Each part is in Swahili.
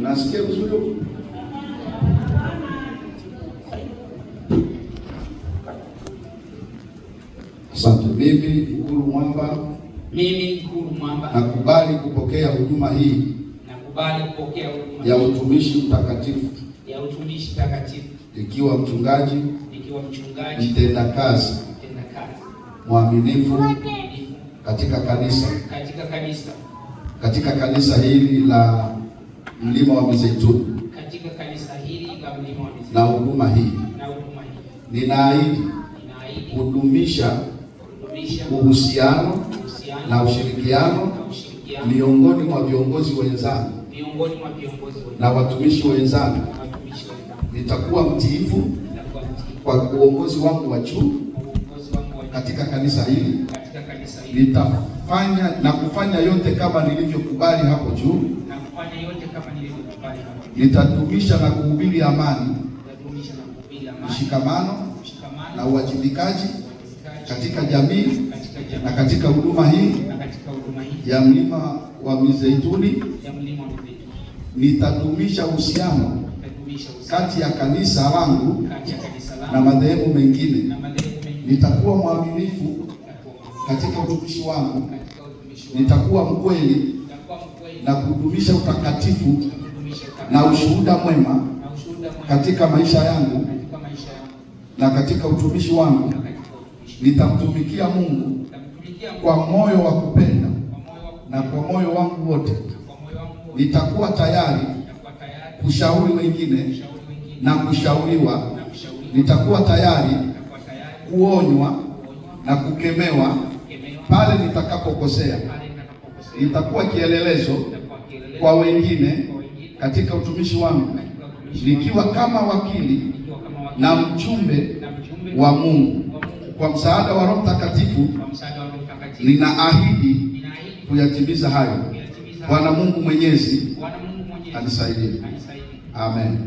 Unasikia vizuri huko? Asante. Mimi Ikulu Mwamba, mimi Ikulu Mwamba nakubali kupokea huduma hii, nakubali kupokea huduma ya utumishi mtakatifu, ya utumishi mtakatifu, ikiwa mchungaji, ikiwa mchungaji, kazi, mtendakazi, kazi mwaminifu katika kanisa, katika kanisa, katika kanisa hili la mlima wa Mizeituni katika kanisa hili la mlima wa Mizeituni na huduma hii, hii. Ninaahidi kudumisha uhusiano na ushirikiano miongoni mwa viongozi wenzangu na watumishi wenzangu. Nitakuwa mtiifu kwa uongozi wangu wa juu katika kanisa hili. Nitafanya na kufanya yote kama nilivyokubali hapo juu nitadumisha Nitatumisha na kuhubiri amani, mshikamano na uwajibikaji katika jamii na katika huduma hii ya mlima wa Mizeituni. Nitatumisha uhusiano kati ya kanisa langu na madhehebu mengine. Nitakuwa mwaminifu katika utumishi wangu, nitakuwa mkweli na kudumisha utakatifu na ushuhuda mwema katika maisha yangu na katika utumishi wangu, nitamtumikia Mungu kwa moyo wa kupenda na kwa moyo wangu wote. Nitakuwa tayari kushauri wengine na kushauriwa. Nitakuwa tayari kuonywa na kukemewa pale nitakapokosea nitakuwa kielelezo kwa wengine katika utumishi wangu nikiwa kama wakili na mchumbe wa Mungu. Kwa msaada wa Roho Mtakatifu, ninaahidi kuyatimiza hayo. Bwana Mungu Mwenyezi anisaidie. Amen.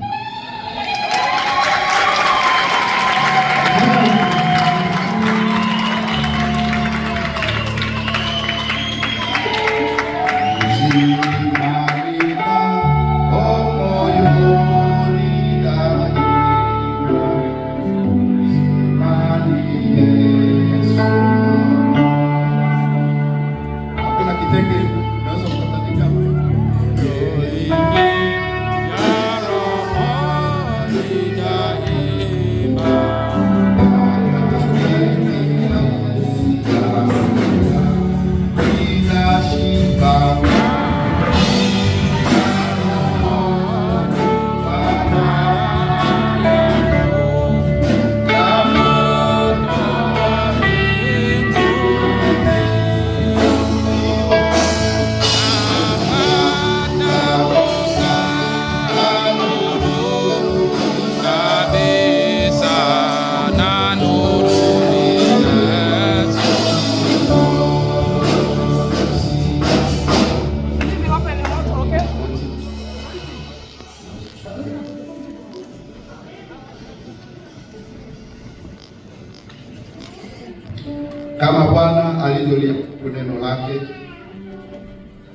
mahubiri neno lake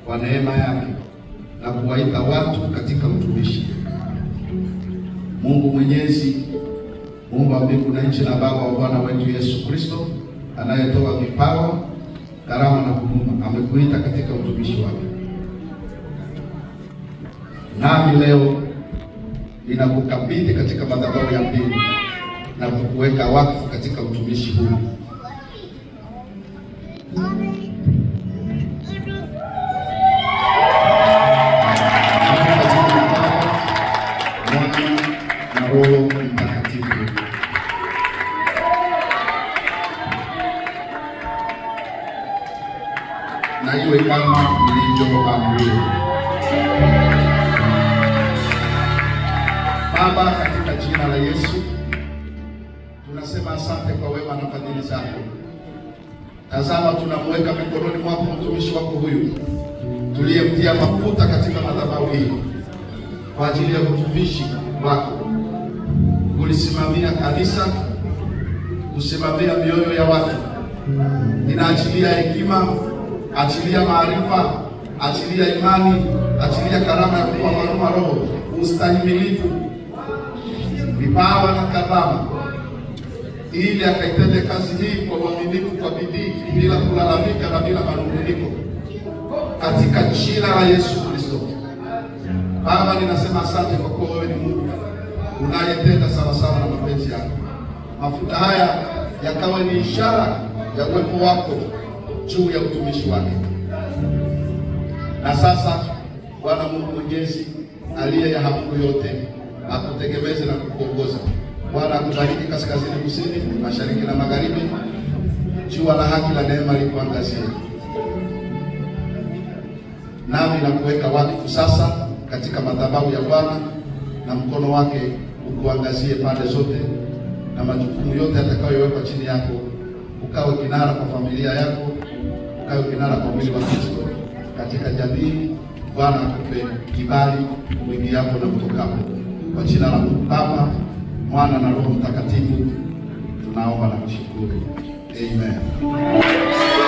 kwa neema yake na kuwaita watu katika utumishi. Mungu Mwenyezi, Mungu wa mbingu na nchi, na Baba wa Bwana wetu Yesu Kristo, anayetoa vipawa, karama na huduma, amekuita katika utumishi wake, nami leo ninakukabidhi katika madhabahu ya mbingu na kukuweka wakfu katika utumishi huu. kama Baba, katika jina la Yesu tunasema asante kwa wema na fadhili zako. Tazama, tunamweka mikononi mwako mtumishi wako huyu tuliyemtia mafuta katika madhabahu hii kwa ajili ya utumishi wako, kulisimamia kanisa, kusimamia mioyo ya watu. Ninaachilia hekima achilia maarifa, achilia imani, achilia karama ya kuwa maruma roho, ustahimilivu, vipawa na karama, ili akaitende kazi hii kwa uaminifu, kwa bidii, bila kulalamika na bila manunguniko, katika jina la Yesu Kristo. Baba, ninasema asante kwa kuwa wewe ni Mungu unayetenda sawasawa na mapenzi yako. Mafuta haya yakawa ni ishara ya uwepo wako juu ya utumishi wake. Na sasa Bwana Mungu Mwenyezi aliye ya hakuru yote akutegemeze na kukuongoza. Bwana akubariki kaskazini, kusini, mashariki na magharibi. Jua la haki la neema likuangazie, nami nakuweka wakfu sasa katika madhabahu ya Bwana, na mkono wake ukuangazie pande zote, na majukumu yote yatakayowekwa chini yako, ukawe kinara kwa familia yako nayo kinara kwa mwili wa Kristo katika jamii. Bwana akupe kibali uingiapo na kutokapo, kwa jina la Baba, Mwana na Roho Mtakatifu tunaomba na kushukuru. Amen.